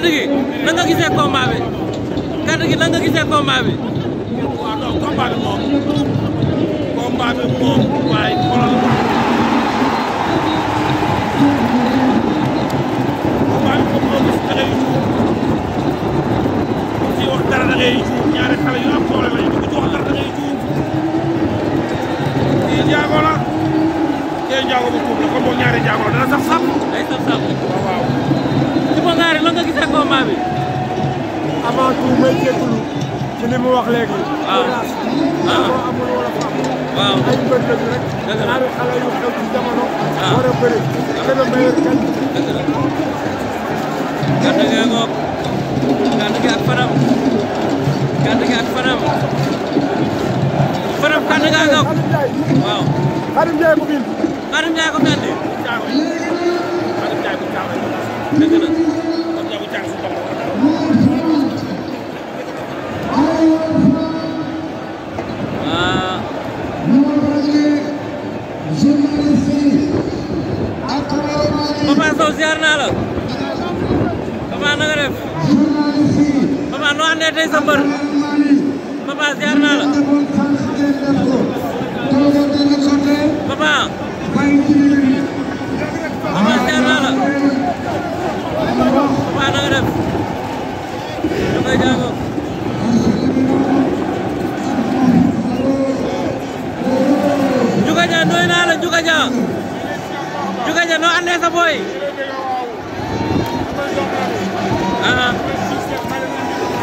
kaddu gi nan nga gisee combat bi kaddu gi nan nga gisee combat bi. waaw non combat bi moom combat bi moom waaye xoolal combat bi moom moo gis dangay juum ci wax dara dangay juum ñaari xale yu am doole lañu dugg ci wax dara dangay juum kii jaago la kii jaago bu tuub la kon moom ñaari jaago la dana sax sax day sax sax koy jégalu ci li mu wax léegi. waaw waaw boo amul wala faa waaw ay mbër lañu rek. dëgg la xale yu xew ci jamono. waaw ah. war a bëri. dëgg la gàtt gee ngoog gàtt gee ak Fadam gàtt gee ak Fadam Fadam gàtt gee ngoog waaw. Xadim Ndiaye ko bind. Xadim Ndiaye ko bind. dëgg la. Papa Sow ziar naa la papa na nga def papa noo àndee tey sa mbër papa ziar naa la papa papa ziar naa la papa na nga def da ngay jàngoo Njuga Jaa nooy naa la Njuga Jaa Njuga Jaa noo àndee sa boy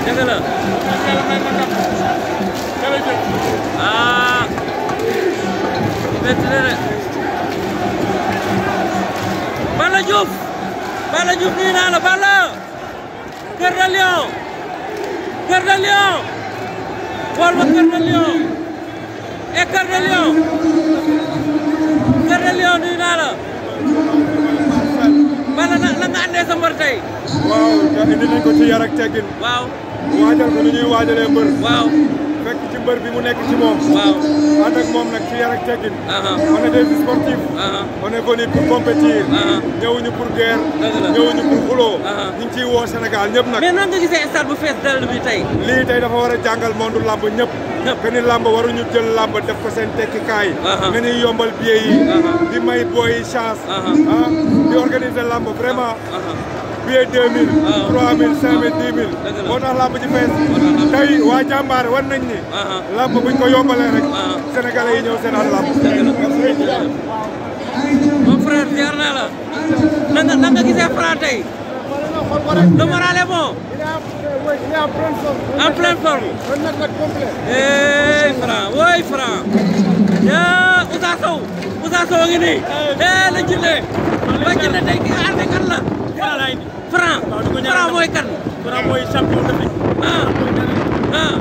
dëgg la. ah. métti na de. Balla Diouf. Balla Diouf nuyu naa la Balla. Cœur de Lion. Cœur de Lion. xool ma Cœur de Lion. et eh, Cœur de Lion. Cœur de Lion nuyu naa la. Balla la nga àndee sa mbër tey. waaw indi nañ ko ci yar ak teggin. waaw. waajal ko nu ñuy waajalee mbër. fekk ci mbër bi mu nekk ci moom. waaw ànd ak moom nag ci yar ak teggin. on est des sportifs. on est venu pour compétir. ñëwuñu pour ñëwuñu pour xuloo. ñu ngi ciy woo Sénégal ñëpp nag. mais nan nga gisee stade bu fees dal bi tey. lii tey dafa war a jàngal monde làmb ñëpp. que ni làmb waruñu jël làmb def ko seen tekkikaay. nga ñuy yombal billet yi. di may booy chance. ah di làmb vraiment. billet 2000. waaw 3000 5000 10000. dëgg la moo tax làmb ji fees. tey waa jàmbaar war nañ ni. Ah, ah. làmb buñ ko yombalee rek. Ah. sénégalais yi ñëw seen al làmb. mon frère jaar naa la. nan nga nan nga gisee Franc tey. le moral est bon. il est en pleine forme. en pleine forme. un athlète complet. Franc oui Franc. yaa Ousa Sow. station nah, ngi nii eh la jële ba jële tey ki aar kan la franc franc mooy kan franc mooy champion d'Afrique ah ah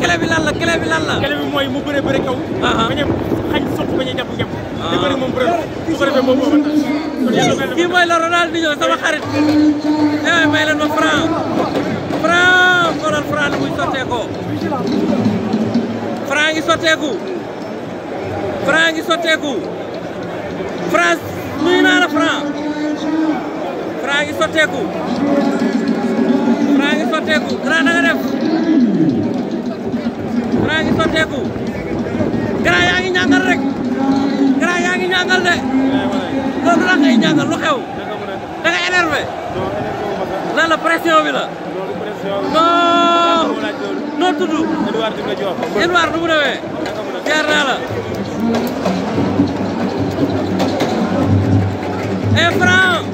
kele bi lan la kele bi lan la kele bi mooy mu bëre bëre kaw ba ñem xañ sopp ba ñu jàpp jàpp di bëri moom bëre su ko defee moom moom kii mooy la Ronaldinho sama xarit eh may leen ma franc Franc xoolal Franc nu muy sotteekoo Franc ngi sotteeku Franc ngi sotteeku Franc nuyu naa la Franc Franc ngi sotteeku Franc ngi sotteeku grand na nga def Franc ngi sotteeku grand yaa ngi ñàngal rek grand yaa ngi ñàngal de loolu la ngay ñàngal lu la pression bi la non noo tudd. Edouard Diouf la Diop. Edouard nu mu demee. jaar naa la. et eh, Franc.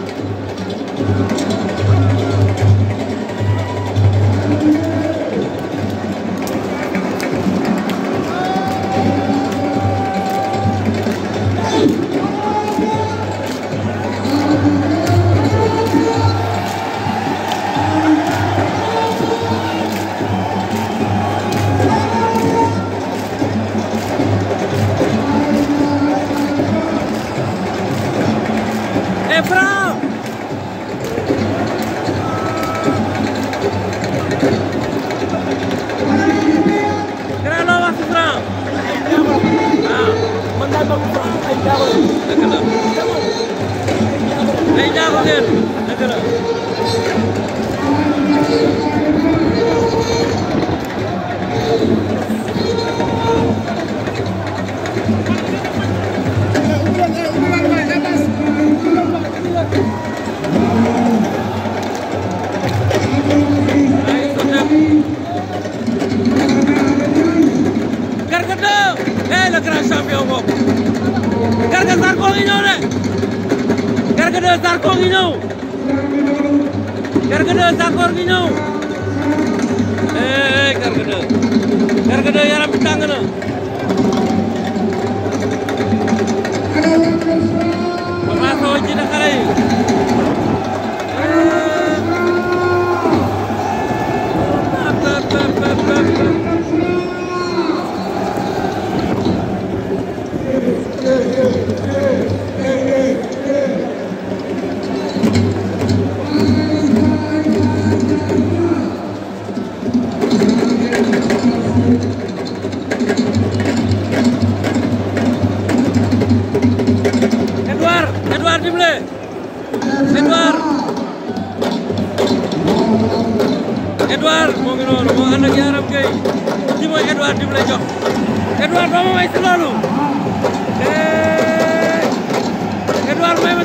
É pra...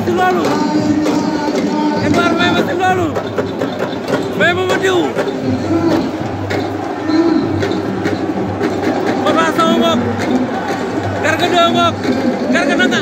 ma ci loolu Edouard may ma ci loolu ma ma diw Papa Sow mook Garga doo mook Garga nanga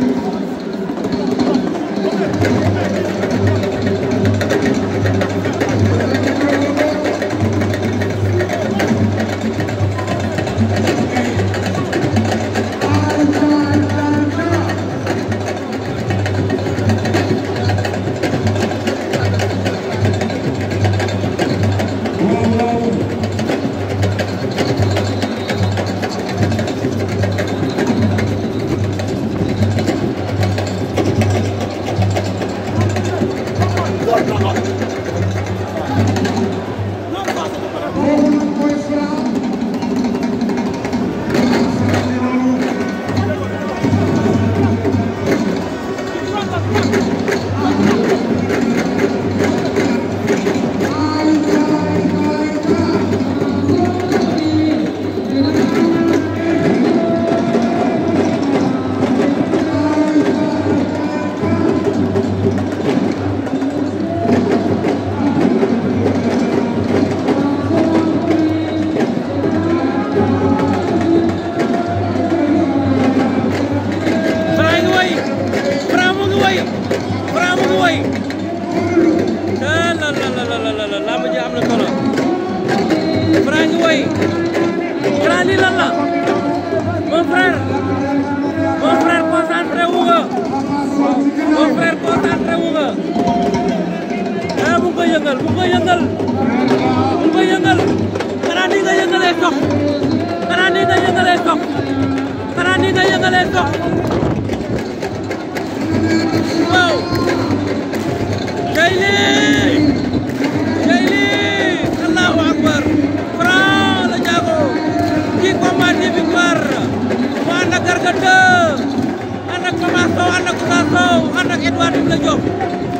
you. way ah, la la la la la la lamb ji am na solo Franc ngi way Franc lii lan la mon frère mon frère concentré wu nga mon frère concentré wu nga ah mu ngi koy yëngal mu ngi koy yëngal mu ngi koy yëngal xanaa nii nga yëngalee sox xanaa nii nga yëngalee sox xanaa nii nga yëngalee sox waaw Edouard Bouna Diop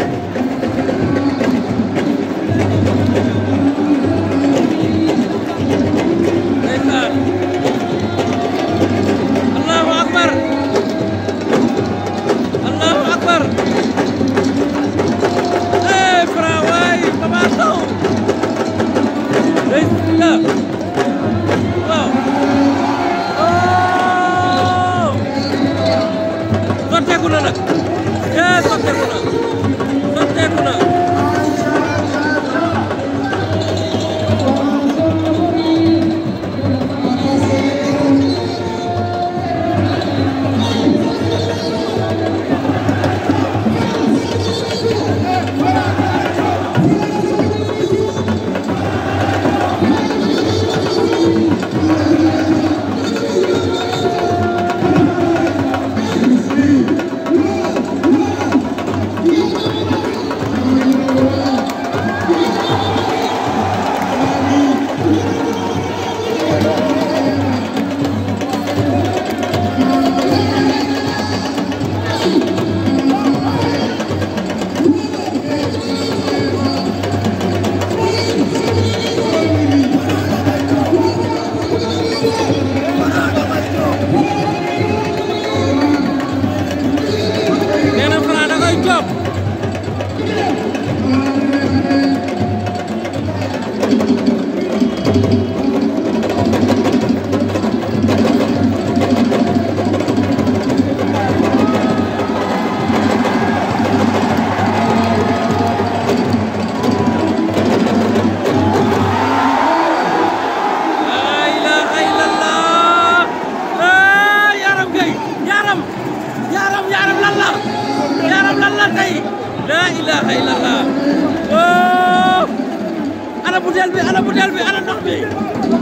também.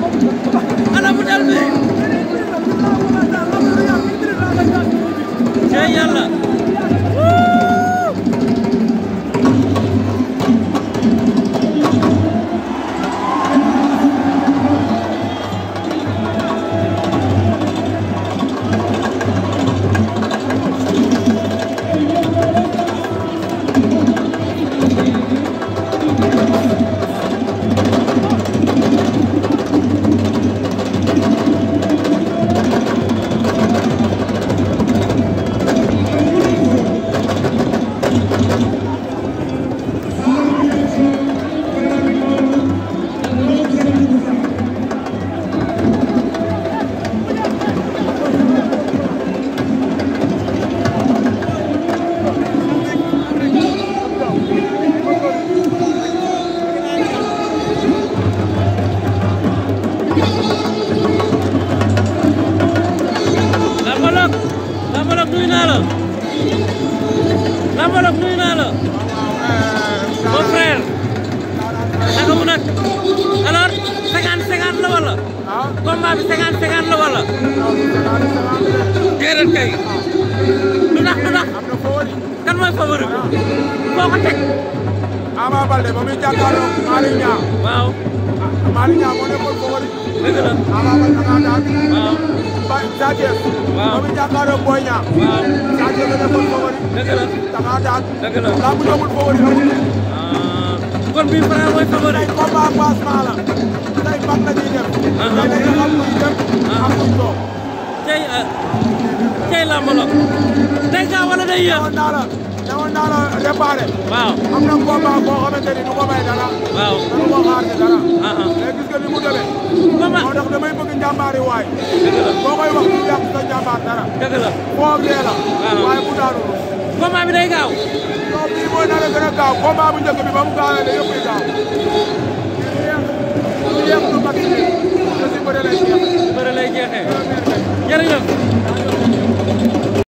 la Lambalok nuyu naa la mon frère naka mu nag alors cinquante cinquante la wala combat bi cinquante cinquante la wala déedéet kay lu tax lu tax kan mooy favori foo ko teg Ama Baldé ba muy jàkkaarloo Malick Niang waaw ah, Malick Niang moo nekkoon favori dëgg la Ama Baldé waaw Sa Thiès. waaw moom it jàkkaarloo Boy Niang. waaw Sa Thiès la nekkoon favori. dëgg la dangaa daan. dëgg la laa mu doonul favori la ñu ne. kon bii Franc mooy favori. tey combat passement la. tey ban la ñuy def. Ah. tey dañuy xam lu ñu def. Ah. am lu ñu toog. tey euh, tey làmb la. tey saa wala day yéex. newoon naa la newoon naa la réparé. waaw am na combat boo xamante ni du ko may dara. waaw du ko xaar dara. Ah, mais gis nga ni mu demee. moo tax damay bëgg njàmbaari waay boo koy wax mu yàq sa njàmbaar dara dëgg la boo dee la ah. waaye bu daanu combat bi day gaaw non bii mooy nar a gën a gaaw combat bu njëkk bi ba mu gaawee ne yëpp gaaw di yeex du mat bi te si bëre lay jeexee bëre lay jeexee jërëjëf